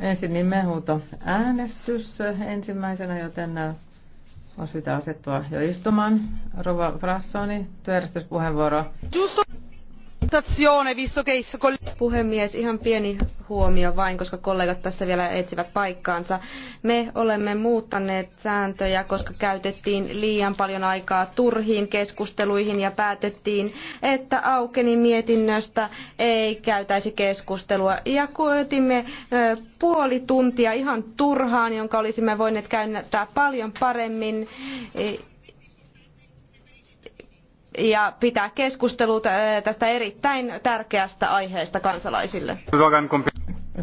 Ensin nimenhuuto äänestys ensimmäisenä, joten äh, on syytä asettua jo istumaan. Rova Frassoni, työjärjestyspuheenvuoro. visto che Puhemies, ihan pieni huomio vain, koska kollegat tässä vielä etsivät paikkaansa. Me olemme muuttaneet sääntöjä, koska käytettiin liian paljon aikaa turhiin keskusteluihin ja päätettiin, että aukeni mietinnöstä ei käytäisi keskustelua. Ja koetimme puoli tuntia ihan turhaan, jonka olisimme voineet käyttää paljon paremmin ja pitää keskustelut äh, tästä erittäin tärkeästä aiheesta kansalaisille.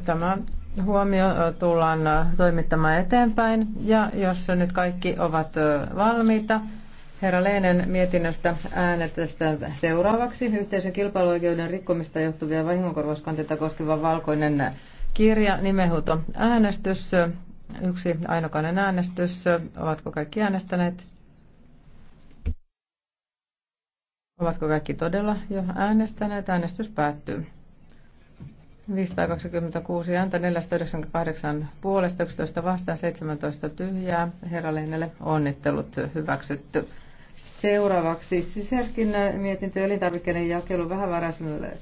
Tämä huomio äh, tullaan äh, toimittamaan eteenpäin ja jos nyt kaikki ovat valmiita, Herra Leenen mietinnöstä äänestä seuraavaksi yhteisön kilpailuoikeuden rikkomista johtuvia vahingonkorvauskanteita koskeva valkoinen kirja nimenhuuto äänestys. Yksi ainokainen äänestys. Ovatko kaikki äänestäneet? Ovatko kaikki todella jo äänestäneet? Äänestys päättyy. 526 ääntä, 498 puolesta, 11 vastaan, 17 tyhjää. Herra Leinelle onnittelut hyväksytty. Seuraavaksi sisälkin mietintö elintarvikkeiden jakelu vähävaraisille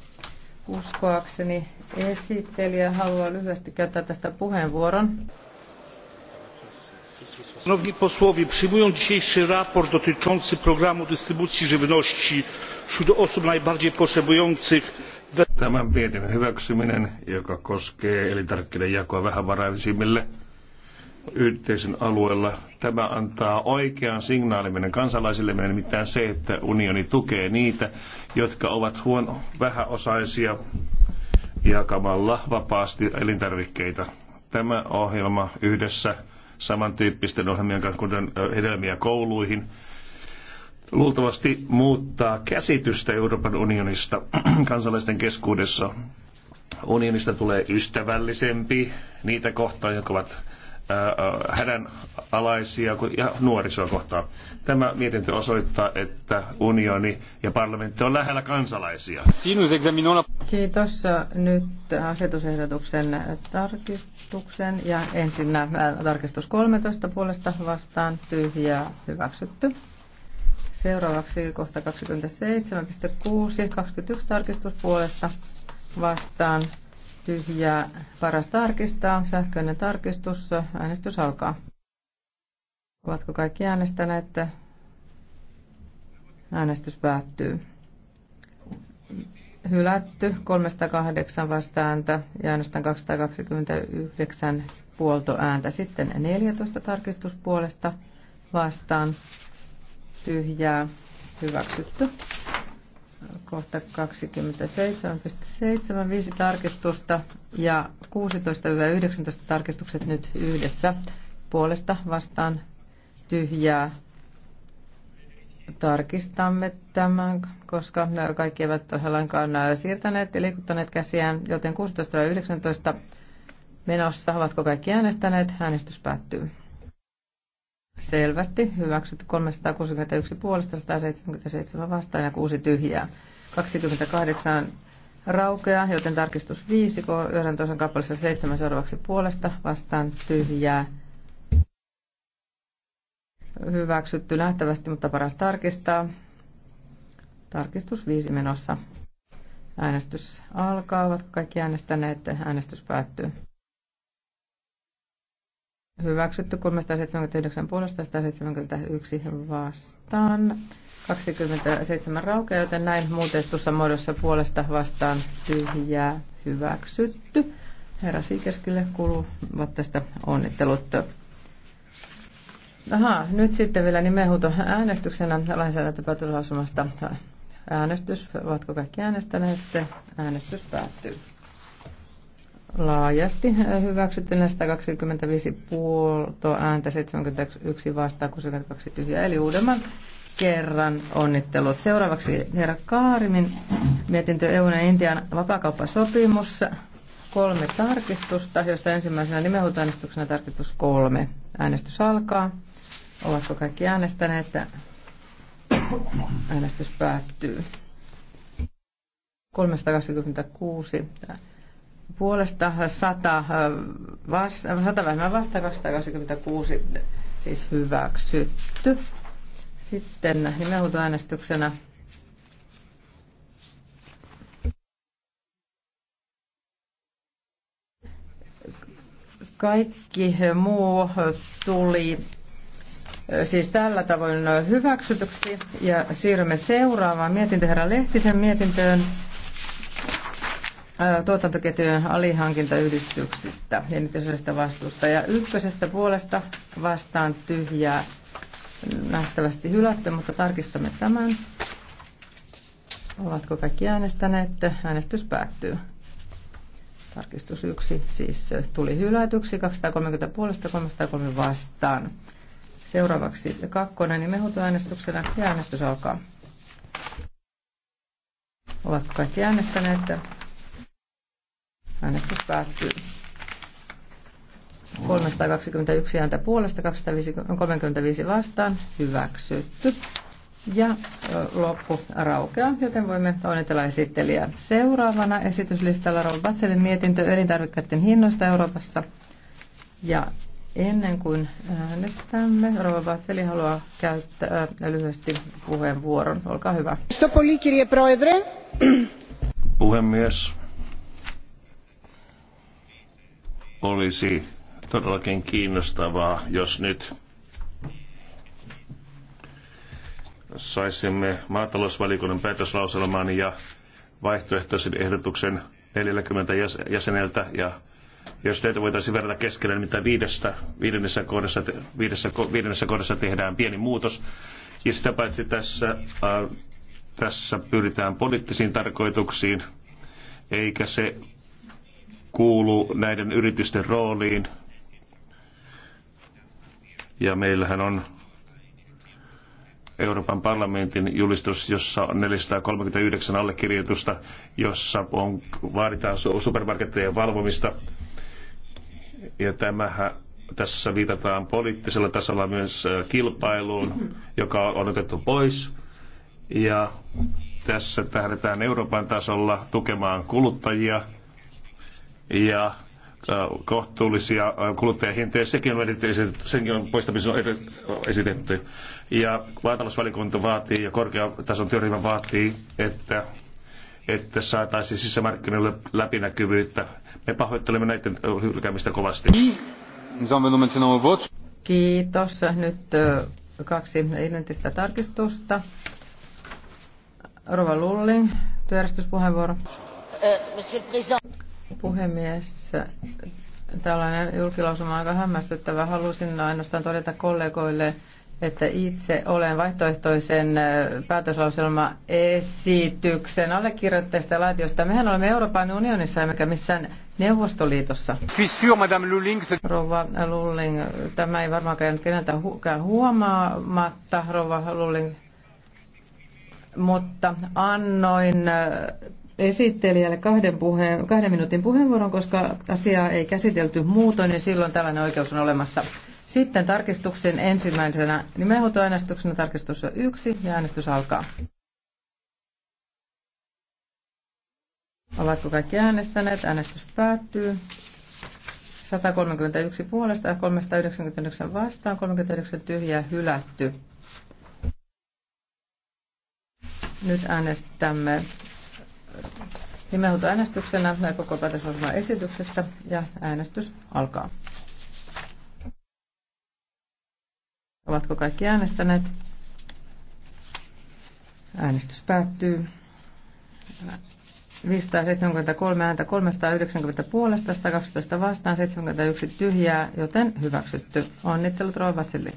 uskoakseni esittelijä haluaa lyhyesti käyttää tästä puheenvuoron przyjmując dzisiejsze sprawozdanie dotyczące programu dystrybucji żywności wśród osób najbardziej potrzebujących tämän mietinnön hyväksyminen joka koskee elintarvikkeiden jakoa vähävaraisimmille yhteisön alueella. Tämä antaa oikean signaalin meidän kansalaisillemme, nimittäin se, että unioni tukee niitä, jotka ovat huono, vähäosaisia jakamalla vapaasti elintarvikkeita. Tämä ohjelma yhdessä samantyyppisten ohjelmien kanssa, kuten hedelmiä kouluihin, luultavasti muuttaa käsitystä Euroopan unionista kansalaisten keskuudessa. Unionista tulee ystävällisempi niitä kohtaan, jotka ovat hädänalaisia ja nuorisoa kohtaan. Tämä mietintö osoittaa, että unioni ja parlamentti on lähellä kansalaisia. Kiitos. Nyt asetusehdotuksen tarkistuksen ja ensinnä tarkistus 13 puolesta vastaan tyhjää hyväksytty. Seuraavaksi kohta 27.6.21 tarkistus puolesta vastaan tyhjää. Paras tarkistaa. Sähköinen tarkistus. Äänestys alkaa. Ovatko kaikki äänestäneet? Äänestys päättyy. Hylätty 308 vastaääntä ja äänestän 229 puoltoääntä. Sitten 14 tarkistuspuolesta vastaan tyhjää hyväksytty kohta 27.7, viisi tarkistusta ja 16-19 tarkistukset nyt yhdessä. Puolesta vastaan tyhjää. Tarkistamme tämän, koska kaikki eivät ole lainkaan siirtäneet ja liikuttaneet käsiään, joten 16-19 menossa. Ovatko kaikki äänestäneet? Äänestys päättyy. Selvästi. Hyväksytty 361 puolesta, 177 vastaan ja 6 tyhjää. 28 raukea, joten tarkistus 5, 11 kappaleessa 7 seuraavaksi puolesta vastaan tyhjää. Hyväksytty nähtävästi, mutta paras tarkistaa. Tarkistus 5 menossa. Äänestys alkaa. Ovatko kaikki äänestäneet? Äänestys päättyy hyväksytty 379 puolesta 171 vastaan. 27 raukea, joten näin muutettussa muodossa puolesta vastaan tyhjää hyväksytty. Herra Sikerskille kuuluvat tästä onnittelut. Aha, nyt sitten vielä nimenhuuto äänestyksenä lainsäädäntöpäätöslausumasta äänestys. Ovatko kaikki äänestäneet? Äänestys päättyy laajasti hyväksyttynä 125 puolto ääntä, 71 vastaan, 62 tyhjää, eli uudemman kerran onnittelut. Seuraavaksi herra Kaarimin mietintö EUn ja Intian vapakauppasopimus. Kolme tarkistusta, joista ensimmäisenä nimenhuutoäänestyksenä tarkistus kolme. Äänestys alkaa. Ovatko kaikki äänestäneet? Äänestys päättyy. 326 puolesta 100, vasta, 100 vähemmän vasta 226 siis hyväksytty. Sitten nimenhuutoäänestyksenä kaikki muu tuli äh, siis tällä tavoin hyväksytyksi ja siirrymme seuraavaan mietintö herra Lehtisen mietintöön tuotantoketjujen alihankintayhdistyksistä ja niiden vastuusta. Ja ykkösestä puolesta vastaan tyhjää nähtävästi hylätty, mutta tarkistamme tämän. Ovatko kaikki äänestäneet? Äänestys päättyy. Tarkistus 1 siis tuli hylätyksi 230 puolesta 303 vastaan. Seuraavaksi kakkonen niin mehutuäänestyksenä ja äänestys alkaa. Ovatko kaikki äänestäneet? Äänestys päättyy. 321 ääntä puolesta, 235 vastaan, hyväksytty. Ja loppu raukeaa, joten voimme onnitella esittelijää. Seuraavana esityslistalla on Batselin mietintö elintarvikkeiden hinnoista Euroopassa. Ja ennen kuin äänestämme, Rova Batseli haluaa käyttää lyhyesti puheenvuoron. Olkaa hyvä. Puhemies, Olisi todellakin kiinnostavaa, jos nyt saisimme maatalousvaliokunnan päätöslauselman ja vaihtoehtoisen ehdotuksen 40 jäseneltä ja jos teitä voitaisiin verrata keskenään, niin mitä viidestä, viidennessä, kohdassa, viidessä, viidennessä kohdassa tehdään pieni muutos. Ja sitä paitsi tässä, äh, tässä pyritään poliittisiin tarkoituksiin, eikä se kuuluu näiden yritysten rooliin. Ja meillähän on Euroopan parlamentin julistus, jossa on 439 allekirjoitusta, jossa on, vaaditaan supermarkettejen valvomista. Ja tämähän, tässä viitataan poliittisella tasolla myös äh, kilpailuun, joka on otettu pois. Ja tässä tähdetään Euroopan tasolla tukemaan kuluttajia – ja äh, kohtuullisia äh, kuluttajahintoja, sekin on, esitetty, sekin on poistamisen on esitetty. Ja maatalousvalikunta vaatii ja korkeatason työryhmä vaatii, että että saataisiin sisämarkkinoille läpinäkyvyyttä. Me pahoittelemme näiden äh, hylkäämistä kovasti. Kiitos. Nyt kaksi identistä tarkistusta. Rova Lulling, työjärjestyspuheenvuoro puhemies. Tällainen julkilausuma on aika hämmästyttävä. Halusin ainoastaan todeta kollegoille, että itse olen vaihtoehtoisen äh, päätöslauselmaesityksen allekirjoittajista laitiosta. Mehän olemme Euroopan unionissa emmekä missään Neuvostoliitossa. Rouva Lulling, tämä ei varmaan käynyt keneltäkään huomaamatta, Rouva Lulling, mutta annoin äh, esittelijälle kahden, puheen, kahden minuutin puheenvuoron, koska asiaa ei käsitelty muutoin, niin silloin tällainen oikeus on olemassa. Sitten tarkistuksen ensimmäisenä nimenhuutoäänestyksenä tarkistus on yksi ja äänestys alkaa. Ovatko kaikki äänestäneet? Äänestys päättyy. 131 puolesta, 399 vastaan, 39 tyhjää hylätty. Nyt äänestämme Nimenhuuto äänestyksenä koko päätösosman esityksestä ja äänestys alkaa. Ovatko kaikki äänestäneet? Äänestys päättyy. 573 ääntä 390 puolesta, 112 vastaan, 71 tyhjää, joten hyväksytty. Onnittelut Rovatsille.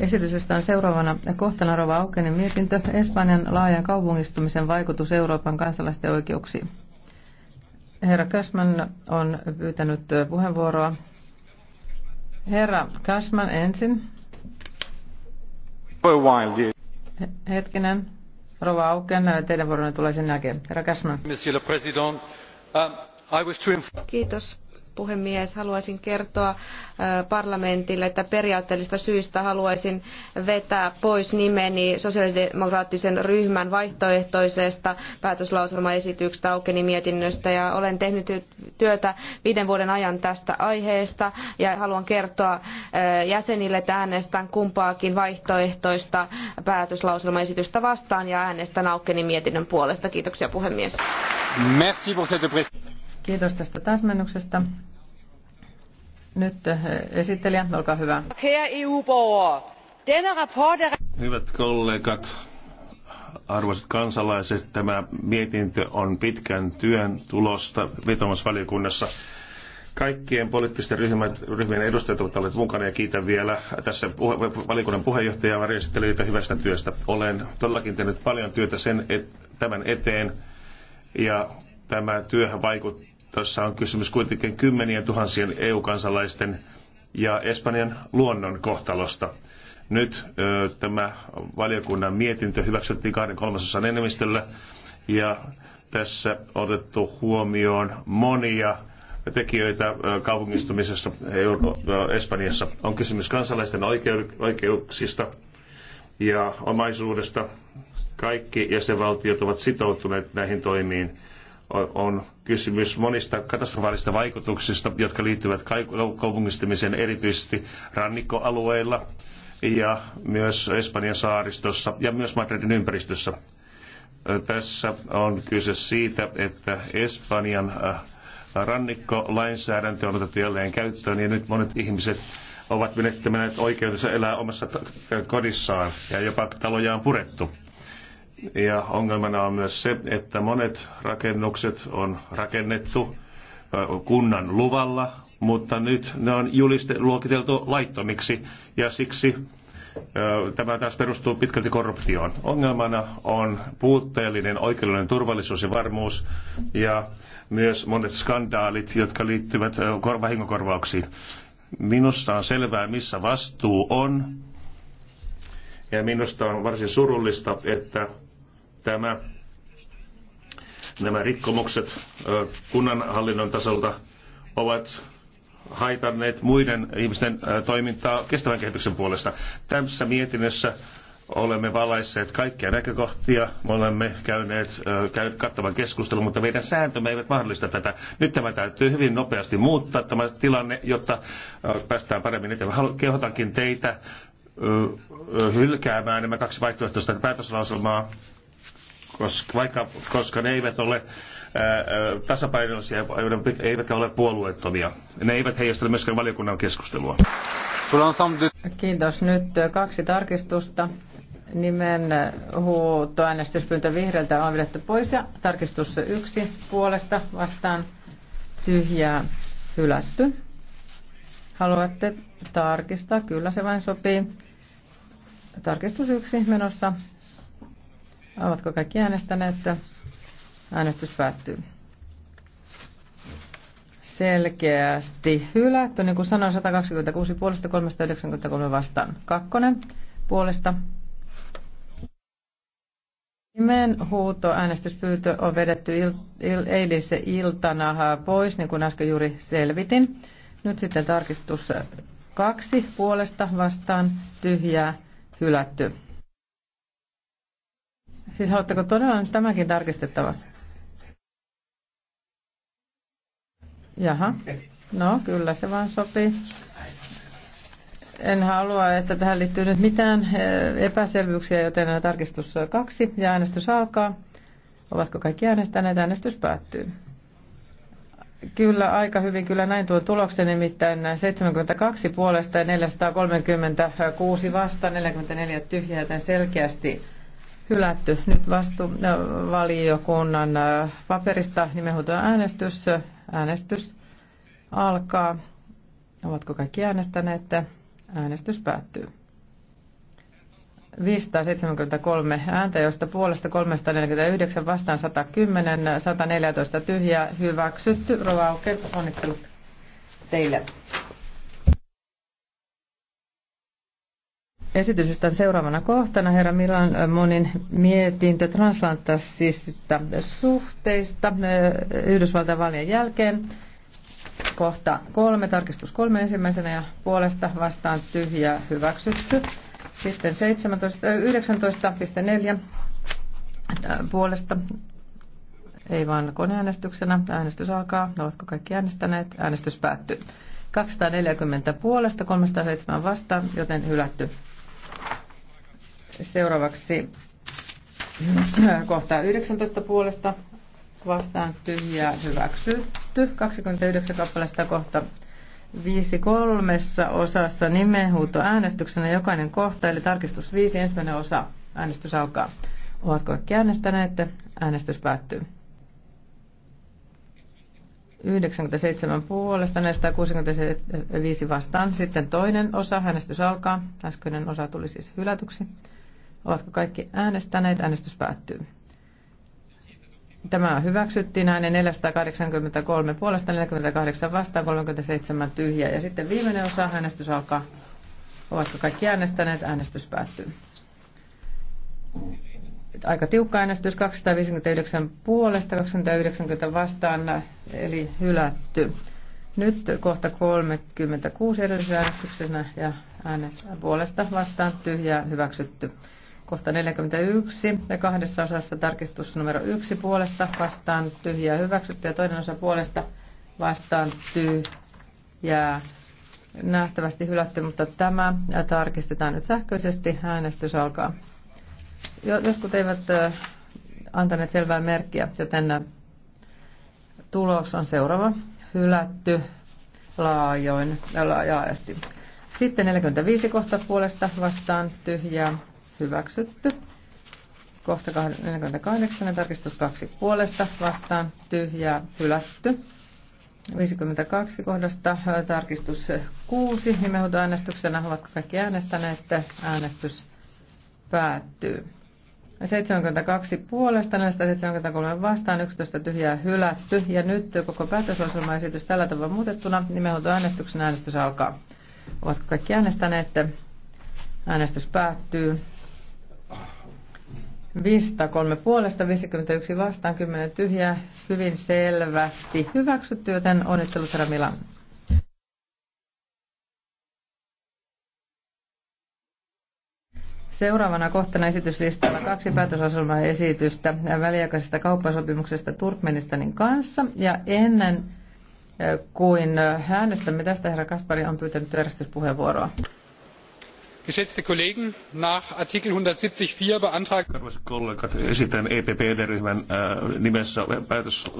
Esityslistan seuraavana kohtana Rova Aukenin mietintö Espanjan laajan kaupungistumisen vaikutus Euroopan kansalaisten oikeuksiin. Herra Cashman on pyytänyt puheenvuoroa. Herra Cashman ensin. Hetkinen. Rova Auken, teidän vuoronne tulee sen jälkeen. Herra Cashman. Um, Kiitos puhemies. Haluaisin kertoa parlamentille, että periaatteellista syistä haluaisin vetää pois nimeni sosiaalidemokraattisen ryhmän vaihtoehtoisesta päätöslauselmaesityksestä aukeni mietinnöstä ja olen tehnyt työtä viiden vuoden ajan tästä aiheesta ja haluan kertoa jäsenille, että äänestän kumpaakin vaihtoehtoista päätöslauselmaesitystä vastaan ja äänestän aukeni mietinnön puolesta. Kiitoksia puhemies. Merci pour cette Kiitos tästä täsmennyksestä. Nyt eh, esittelijä, olkaa hyvä. Er- Hyvät kollegat, arvoisat kansalaiset, tämä mietintö on pitkän työn tulosta vetomusvaliokunnassa. Kaikkien poliittisten ryhmien, ryhmien edustajat ovat olleet mukana ja kiitän vielä tässä puhe, valiokunnan puheenjohtajaa ja varjostelijoita hyvästä työstä. Olen todellakin tehnyt paljon työtä sen et, tämän eteen ja tämä työhän vaikuttaa tässä on kysymys kuitenkin kymmenien tuhansien EU-kansalaisten ja Espanjan luonnon kohtalosta. Nyt ö, tämä valiokunnan mietintö hyväksyttiin kahden kolmasosan enemmistöllä ja tässä otettu huomioon monia tekijöitä kaupungistumisessa Espanjassa. On kysymys kansalaisten oikeuksista ja omaisuudesta. Kaikki jäsenvaltiot ovat sitoutuneet näihin toimiin on kysymys monista katastrofaalista vaikutuksista, jotka liittyvät kaupungistumiseen erityisesti rannikkoalueilla ja myös Espanjan saaristossa ja myös Madridin ympäristössä. Tässä on kyse siitä, että Espanjan äh, rannikkolainsäädäntö on otettu jälleen käyttöön ja nyt monet ihmiset ovat menettäneet oikeutensa elää omassa kodissaan ja jopa taloja on purettu ja ongelmana on myös se, että monet rakennukset on rakennettu kunnan luvalla, mutta nyt ne on juliste, luokiteltu laittomiksi ja siksi Tämä taas perustuu pitkälti korruptioon. Ongelmana on puutteellinen oikeudellinen turvallisuus ja varmuus ja myös monet skandaalit, jotka liittyvät vahingokorvauksiin. Minusta on selvää, missä vastuu on. Ja minusta on varsin surullista, että tämä, nämä rikkomukset kunnanhallinnon tasolta ovat haitanneet muiden ihmisten toimintaa kestävän kehityksen puolesta. Tässä mietinnössä olemme valaisseet kaikkia näkökohtia, me olemme käyneet kattavan keskustelun, mutta meidän sääntömme eivät mahdollista tätä. Nyt tämä täytyy hyvin nopeasti muuttaa tämä tilanne, jotta päästään paremmin eteenpäin. Kehotankin teitä hylkäämään nämä kaksi vaihtoehtoista päätöslauselmaa koska, vaikka, koska ne eivät ole tasapainoisia eivätkä ole puolueettomia. Ne eivät heijastele myöskään valiokunnan keskustelua. Kiitos. Nyt kaksi tarkistusta. Nimen huutoäänestyspyyntö vihreältä on vedetty pois ja tarkistus yksi puolesta vastaan tyhjää hylätty. Haluatte tarkistaa? Kyllä se vain sopii. Tarkistus yksi menossa Ovatko kaikki äänestäneet? Äänestys päättyy. Selkeästi hylätty. Niin kuin sanoin, 126 puolesta, 393 vastaan. Kakkonen puolesta. Nimen huuto äänestyspyyntö on vedetty il, il, eilisen iltana pois, niin kuin äsken juuri selvitin. Nyt sitten tarkistus kaksi puolesta vastaan tyhjää hylätty. Siis haluatteko todella nyt tämäkin tarkistettava? Jaha. No, kyllä se vaan sopii. En halua, että tähän liittyy nyt mitään eh, epäselvyyksiä, joten tarkistus kaksi ja äänestys alkaa. Ovatko kaikki äänestäneet? Äänestys päättyy. Kyllä, aika hyvin kyllä näin tuo tuloksen, nimittäin 72 puolesta ja 436 vasta 44 tyhjää, joten selkeästi hylätty. Nyt äh, valiokunnan äh, paperista nimenhuutoja äänestys. Äänestys alkaa. Ovatko kaikki äänestäneet? Äänestys päättyy. 573 ääntä, josta puolesta 349 vastaan 110, 114 tyhjää hyväksytty. Rovauke, onnittelut teille. Esitysistän seuraavana kohtana herra Milan Monin mietintö transatlanttisista suhteista eh, Yhdysvaltain vaalien jälkeen. Kohta kolme, tarkistus kolme ensimmäisenä ja puolesta vastaan tyhjä hyväksytty. Sitten 19.4 eh, puolesta, ei vaan koneäänestyksenä. Äänestys alkaa. Oletko kaikki äänestäneet? Äänestys päättyy. 240 puolesta, 307 vastaan, joten hylätty. Seuraavaksi kohta 19 puolesta vastaan tyhjää hyväksytty. 29 kappalasta kohta 5 kolmessa osassa nimenhuuto äänestyksenä jokainen kohta, eli tarkistus 5 ensimmäinen osa. Äänestys alkaa. Ovatko kaikki äänestäneet? Äänestys päättyy. 97 puolesta, 465 vastaan. Sitten toinen osa, äänestys alkaa. Äskeinen osa tuli siis hylätyksi. Ovatko kaikki äänestäneet? Äänestys päättyy. Tämä hyväksyttiin äänen 483 puolesta, 48 vastaan, 37 tyhjää. Ja sitten viimeinen osa, äänestys alkaa. Ovatko kaikki äänestäneet? Äänestys päättyy aika tiukka äänestys, 259 puolesta, 290 vastaan, eli hylätty. Nyt kohta 36 edellisessä äänestyksessä ja äänet puolesta vastaan tyhjää hyväksytty. Kohta 41 ja kahdessa osassa tarkistus numero 1 puolesta vastaan tyhjää hyväksytty ja toinen osa puolesta vastaan tyhjää nähtävästi hylätty, mutta tämä tarkistetaan nyt sähköisesti. Äänestys alkaa. Jotkut eivät antaneet selvää merkkiä, joten tulos on seuraava. Hylätty laajoin, laajasti. Sitten 45 kohta puolesta vastaan tyhjä hyväksytty. Kohta 48 tarkistus 2 puolesta vastaan tyhjä hylätty. 52 kohdasta tarkistus 6 nimenhuutoäänestyksenä. Ovatko kaikki äänestäneet? Äänestys päättyy. 72 puolesta, näistä 73 vastaan, 11 tyhjää hylätty. Ja nyt koko päätöslauselmaesitys tällä tavalla muutettuna, niin me äänestyksen äänestys alkaa. Ovatko kaikki äänestäneet? Äänestys päättyy. 503 puolesta, 51 vastaan, 10 tyhjää, hyvin selvästi hyväksytty, joten onnittelut Ramilan. Seuraavana kohtana esityslistalla kaksi päätösaselmaesitystä väliaikaisesta kauppasopimuksesta Turkmenistanin kanssa. Ja ennen kuin äänestämme tästä, herra Kaspari on pyytänyt järjestyspuheenvuoroa. Geschätzte Kollegen, nach Artikel 174 beantragt... Arvoisat kollegat, esitän EPP-ryhmän äh, nimessä päätös,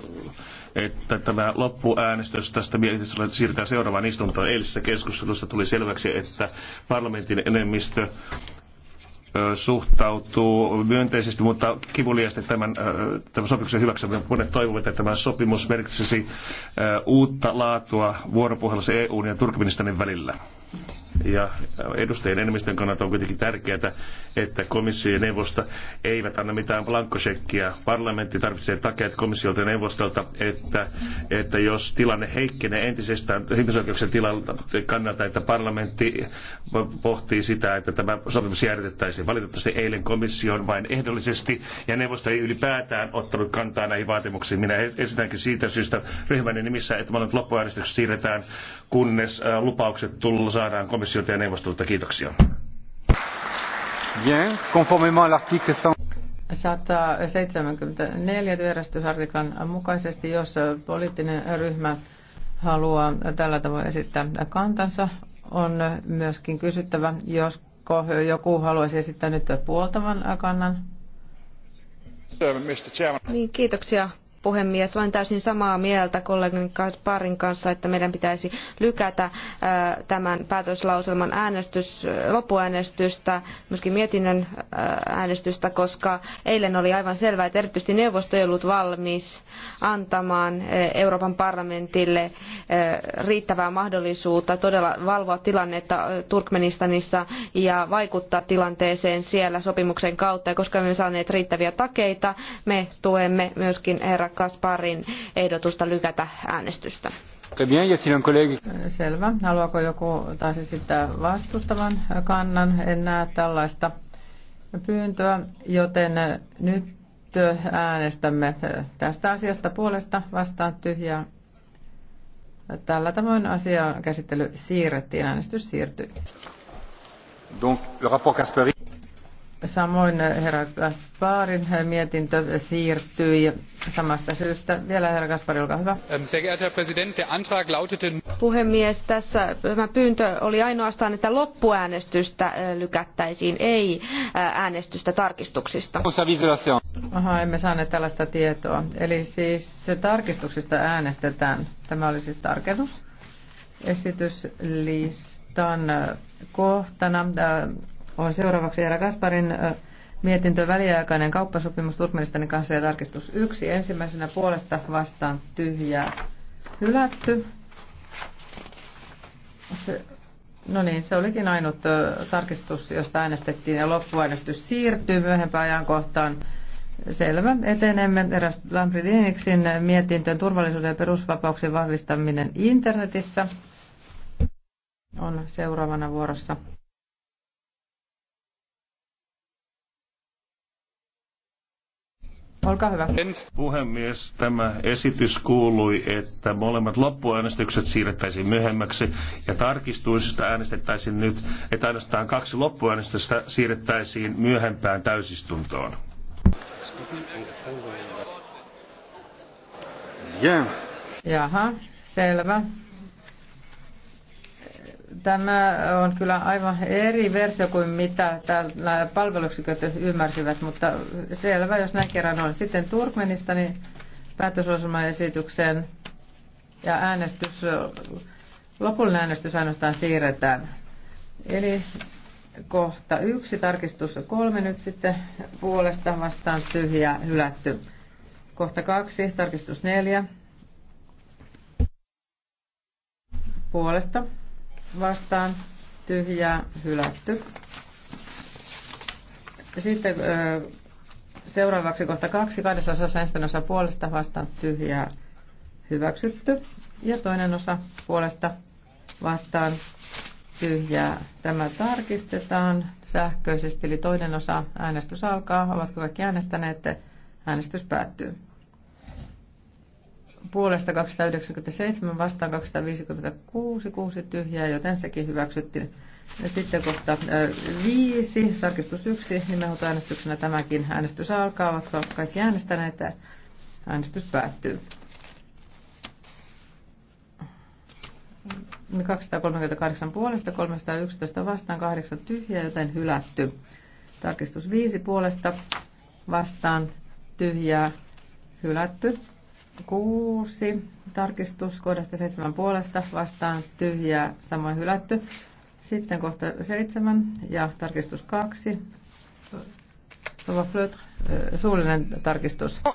että tämä loppuäänestys tästä mietinnöstä siirretään seuraavaan istuntoon. Eilisessä keskustelussa tuli selväksi, että parlamentin enemmistö suhtautuu myönteisesti, mutta kivuliasti tämän, tämän sopimuksen hyväksyminen. Monet toivovat, että tämä sopimus merkitsisi uutta laatua vuoropuhelussa EUn ja Turkmenistanin välillä ja edustajien enemmistön kannalta on kuitenkin tärkeää, että komissio ja neuvosto eivät anna mitään blankkosekkiä. Parlamentti tarvitsee takeet komissiolta ja neuvostolta, että, että jos tilanne heikkenee entisestään ihmisoikeuksien tilalta, kannalta, että parlamentti pohtii sitä, että tämä sopimus järjestettäisiin. Valitettavasti eilen komission vain ehdollisesti ja neuvosto ei ylipäätään ottanut kantaa näihin vaatimuksiin. Minä esitänkin siitä syystä ryhmäni nimissä, että monet siirretään, kunnes lupaukset tullaan saadaan komissio komissiolta ja neuvostolta. Kiitoksia. Bien, conformément à l'article 174 työjärjestysartiklan mukaisesti, jos poliittinen ryhmä haluaa tällä tavoin esittää kantansa, on myöskin kysyttävä, josko joku haluaisi esittää nyt puoltavan kannan. Niin, kiitoksia puhemies. Olen täysin samaa mieltä kollegan parin kanssa, että meidän pitäisi lykätä äh, tämän päätöslauselman äänestys, äh, loppuäänestystä, myöskin mietinnön äh, äänestystä, koska eilen oli aivan selvää, että erityisesti neuvosto ei ollut valmis antamaan Euroopan parlamentille riittävää mahdollisuutta todella valvoa tilannetta Turkmenistanissa ja vaikuttaa tilanteeseen siellä sopimuksen kautta. Ja koska emme saaneet riittäviä takeita, me tuemme myöskin herra Gasparin Kasparin ehdotusta lykätä äänestystä. Selvä. Haluaako joku taas esittää vastustavan kannan? En näe tällaista pyyntöä, joten nyt äänestämme tästä asiasta puolesta vastaan tyhjää. Tällä tavoin asian käsittely siirrettiin, äänestys siirtyi. Donc, le rapport Kasperi. Samoin eh, herra Gasparin eh, mietintö siirtyi samasta syystä. Vielä herra Gaspari, olkaa hyvä. Ähm, Puhemies, tässä eh, tämä pyyntö oli ainoastaan, että loppuäänestystä lykättäisiin, ei äänestystä tarkistuksista. Aha, emme saaneet tällaista tietoa. Eli siis se tarkistuksista äänestetään. Tämä oli siis tarkennus. Esityslistan kohtana on seuraavaksi Jara Kasparin mietintö väliaikainen kauppasopimus Turkmenistanin kanssa ja tarkistus yksi Ensimmäisenä puolesta vastaan tyhjää hylätty. Se, no niin, se olikin ainut tarkistus, josta äänestettiin ja loppuäänestys siirtyy myöhempään ajankohtaan. Selvä. Etenemme eräs Lambridinixin mietintöön turvallisuuden ja perusvapauksien vahvistaminen internetissä on seuraavana vuorossa. Olkaa hyvä. Puhemies, tämä esitys kuului, että molemmat loppuäänestykset siirrettäisiin myöhemmäksi ja tarkistuisista äänestettäisiin nyt, että ainoastaan kaksi loppuäänestystä siirrettäisiin myöhempään täysistuntoon. Jaha, selvä. Tämä on kyllä aivan eri versio kuin mitä täällä palveluksiköt ymmärsivät, mutta selvä, jos näin kerran on. Sitten Turkmenistanin päätöslausumaesitykseen ja äänestys, lopullinen äänestys ainoastaan siirretään. Eli kohta yksi, tarkistus kolme nyt sitten puolesta vastaan tyhjä hylätty. Kohta kaksi, tarkistus neljä puolesta vastaan tyhjää hylätty. Sitten seuraavaksi kohta kaksi, kahdessa osassa ensimmäinen osa puolesta vastaan tyhjää hyväksytty. Ja toinen osa puolesta vastaan tyhjää. Tämä tarkistetaan sähköisesti, eli toinen osa äänestys alkaa. Ovatko kaikki äänestäneet? Äänestys päättyy puolesta 297 vastaan 256, 6 tyhjää, joten sekin hyväksyttiin. Ja sitten kohta 5, tarkistus 1, äänestyksenä tämäkin äänestys alkaa. Ovatko kaikki äänestäneet? Äänestys päättyy. 238 puolesta, 311 vastaan, 8 tyhjää, joten hylätty. Tarkistus 5 puolesta vastaan, tyhjää, hylätty. 6, tarkistus kohdasta 7 puolesta, vastaan tyhjää, samoin hylätty. Sitten kohta 7 ja tarkistus 2, äh, suullinen tarkistus. No,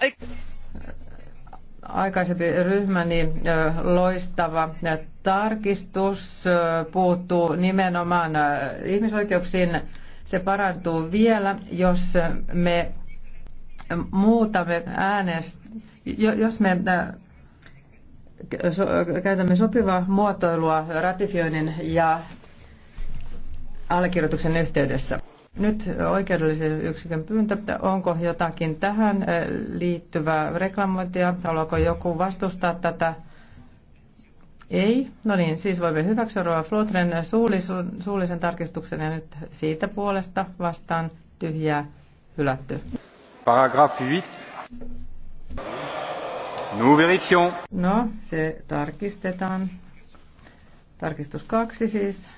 Aikaisempi ryhmäni niin, äh, loistava äh, tarkistus puuttuu nimenomaan ihmisoikeuksiin. Se parantuu vielä, jos me muutamme äänest, jos me äh, käytämme sopivaa muotoilua ratifioinnin ja allekirjoituksen yhteydessä. Nyt oikeudellisen yksikön pyyntö, onko jotakin tähän äh, liittyvää reklamointia, haluaako joku vastustaa tätä? Ei. No niin, siis voimme hyväksyä Rova Flotren suullisen tarkistuksen ja nyt siitä puolesta vastaan tyhjää hylätty. Paragraf 8. Nous vérifions. No, se tarkistetaan. Tarkistus kaksi siis.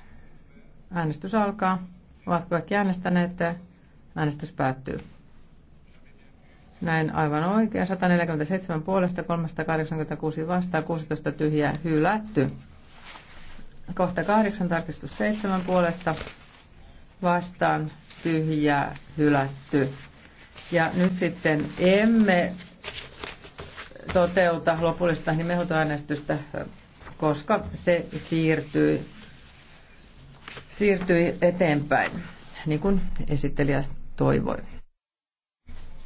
Äänestys alkaa. Ovatko kaikki äänestäneet. Äänestys päättyy. Näin aivan oikein. 147 puolesta, 386 vastaan, 16 tyhjää hylätty. Kohta 8, tarkistus 7 puolesta, vastaan tyhjää hylätty ja nyt sitten emme toteuta lopullista nimenhoitoäänestystä, koska se siirtyy, siirtyi eteenpäin, niin kuin esittelijä toivoi.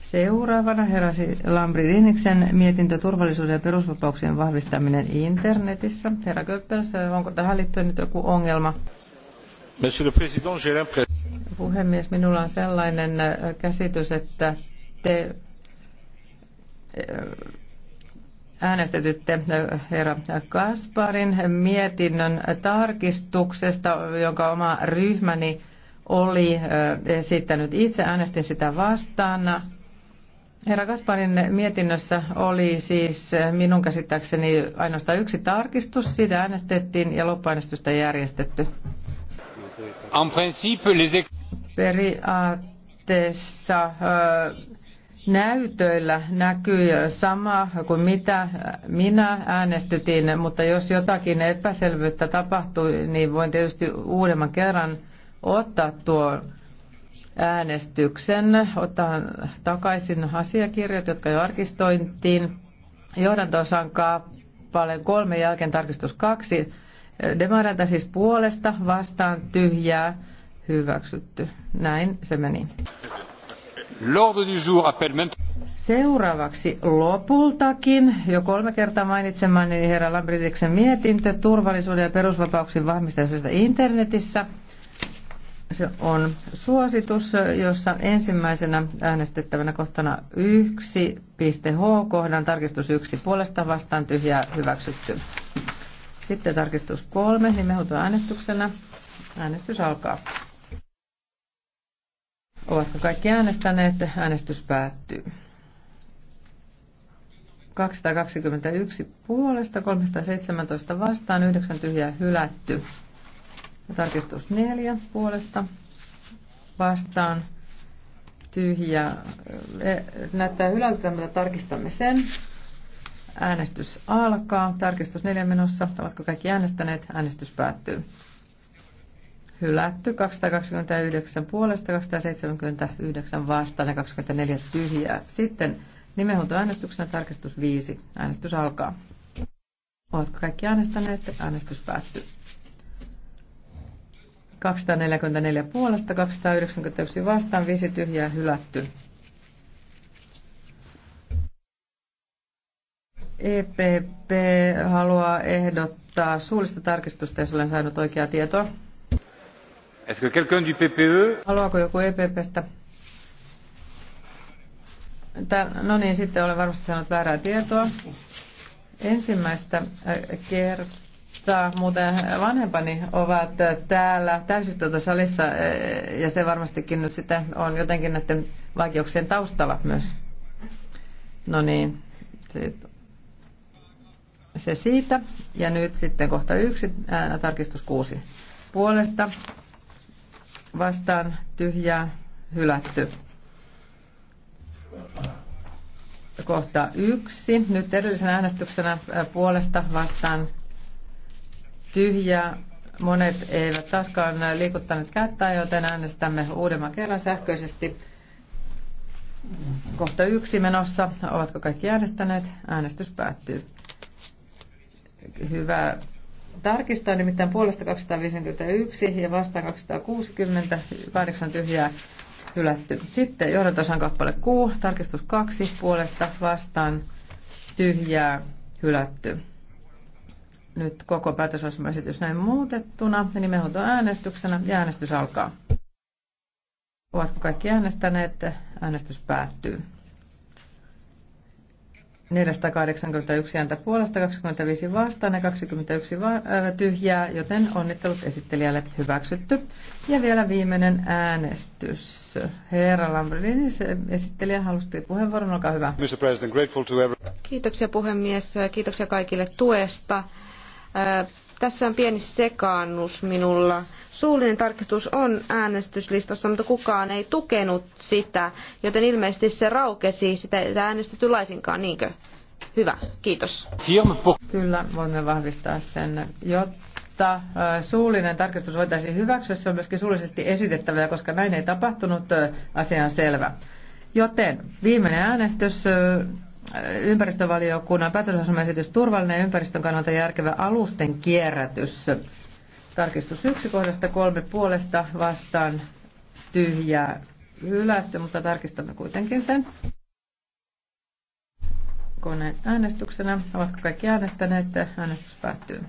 Seuraavana heräsi Lambri Liniksen mietintö turvallisuuden ja perusvapauksien vahvistaminen internetissä. Herra Köppelsä, onko tähän liittyen nyt joku ongelma? Monsieur le Président, j'ai l'impression puhemies. Minulla on sellainen äh, käsitys, että te äh, äänestetytte äh, herra Kasparin mietinnön tarkistuksesta, jonka oma ryhmäni oli esittänyt. Itse äänestin sitä vastaan. Herra Kasparin mietinnössä oli siis minun käsittääkseni ainoastaan yksi tarkistus. Siitä äänestettiin ja loppuäänestystä järjestetty. En principe, les periaatteessa näytöillä näkyy sama kuin mitä minä äänestytin, mutta jos jotakin epäselvyyttä tapahtui, niin voin tietysti uudemman kerran ottaa tuo äänestyksen, ottaa takaisin asiakirjat, jotka jo arkistointiin. Johdantosan kappaleen kolme jälkeen tarkistus kaksi. Demareilta siis puolesta vastaan tyhjää hyväksytty. Näin se meni. Seuraavaksi lopultakin jo kolme kertaa mainitsemani herra Lambridiksen mietintö turvallisuuden ja perusvapauksien vahvistamisesta internetissä. Se on suositus, jossa ensimmäisenä äänestettävänä kohtana 1.h kohdan tarkistus 1 puolesta vastaan tyhjää hyväksytty. Sitten tarkistus 3 äänestyksenä. Äänestys alkaa. Ovatko kaikki äänestäneet? Äänestys päättyy. 221 puolesta, 317 vastaan, 9 tyhjää hylätty. Ja tarkistus 4 puolesta vastaan, tyhjä. E, näyttää hylältä, mutta tarkistamme sen. Äänestys alkaa. Tarkistus 4 menossa. Ovatko kaikki äänestäneet? Äänestys päättyy hylätty 229 puolesta, 279 vastaan ja 24 tyhjää. Sitten nimenhuutoäänestyksenä tarkistus 5. Äänestys alkaa. Oletko kaikki äänestäneet? Äänestys päättyy. 244 puolesta, 291 vastaan, 5 tyhjää hylätty. EPP haluaa ehdottaa suullista tarkistusta, jos olen saanut oikeaa tietoa. E? Haluaako joku EPPstä? Tää, no niin, sitten olen varmasti saanut väärää tietoa. Ensimmäistä äh, kertaa muuten vanhempani ovat äh, täällä täysistuntosalissa äh, ja se varmastikin nyt sitä on jotenkin näiden vaikeuksien taustalla myös. No niin, se siitä. Ja nyt sitten kohta yksi, ää, tarkistus kuusi puolesta vastaan tyhjää hylätty. Kohta yksi. Nyt edellisen äänestyksenä puolesta vastaan tyhjää. Monet eivät taaskaan liikuttaneet kättä, joten äänestämme uudemman kerran sähköisesti. Kohta yksi menossa. Ovatko kaikki äänestäneet? Äänestys päättyy. Hyvä tarkistaa, nimittäin puolesta 251 ja vastaan 260, 8 tyhjää hylätty. Sitten johdantosan kappale Q, tarkistus 2, puolesta vastaan tyhjää hylätty. Nyt koko päätösosmaesitys näin muutettuna ja nimenhuuto äänestyksenä ja äänestys alkaa. Ovatko kaikki äänestäneet? Äänestys päättyy. 481 ääntä puolesta, 25 vastaan ja 21 va- äh, tyhjää, joten onnittelut esittelijälle hyväksytty. Ja vielä viimeinen äänestys. Herra Lambrinis, esittelijä halusi puheenvuoron, olkaa hyvä. Mr. President, grateful to every... Kiitoksia puhemies, kiitoksia kaikille tuesta. Äh, tässä on pieni sekaannus minulla. Suullinen tarkistus on äänestyslistassa, mutta kukaan ei tukenut sitä, joten ilmeisesti se raukesi. Sitä ei äänestetty laisinkaan, niinkö? Hyvä, kiitos. Kyllä, voimme vahvistaa sen, jotta suullinen tarkistus voitaisiin hyväksyä. Se on myöskin suullisesti esitettävä, koska näin ei tapahtunut, asia on selvä. Joten viimeinen äänestys, ympäristövaliokunnan päätöslausumaesitys turvallinen ympäristön kannalta järkevä alusten kierrätys. Tarkistus yksi kohdasta kolme puolesta vastaan tyhjää hylätty, mutta tarkistamme kuitenkin sen. Koneen äänestyksenä. Ovatko kaikki äänestäneet? Äänestys päättyy.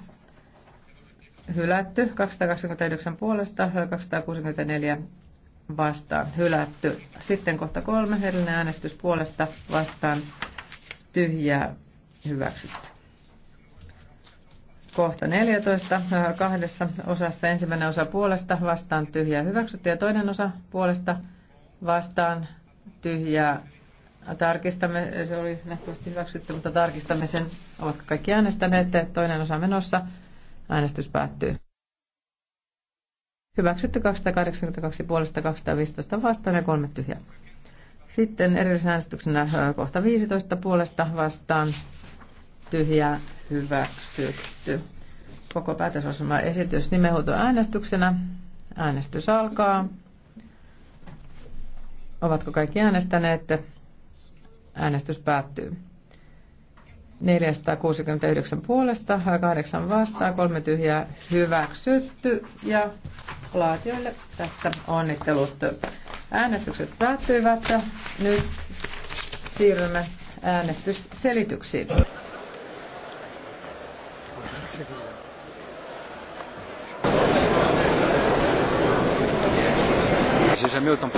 Hylätty 229 puolesta, 264 vastaan. Hylätty. Sitten kohta kolme, edellinen äänestys puolesta vastaan. Tyhjää hyväksytty kohta 14 äh, kahdessa osassa. Ensimmäinen osa puolesta vastaan tyhjää hyväksytty ja toinen osa puolesta vastaan tyhjää tarkistamme. Se oli nähtävästi hyväksytty, mutta tarkistamme sen. Ovatko kaikki äänestäneet? Toinen osa menossa. Äänestys päättyy. Hyväksytty 282 puolesta 215 vastaan ja kolme tyhjää. Sitten erillisäänestyksenä äh, kohta 15 puolesta vastaan tyhjä hyväksytty. Koko päätösosuma esitys äänestyksenä. Äänestys alkaa. Ovatko kaikki äänestäneet? Äänestys päättyy. 469 puolesta, 8 vastaan, 3 tyhjää hyväksytty ja laatioille tästä onnittelut. Äänestykset päättyivät. Nyt siirrymme äänestysselityksiin. J'ai jamais autant.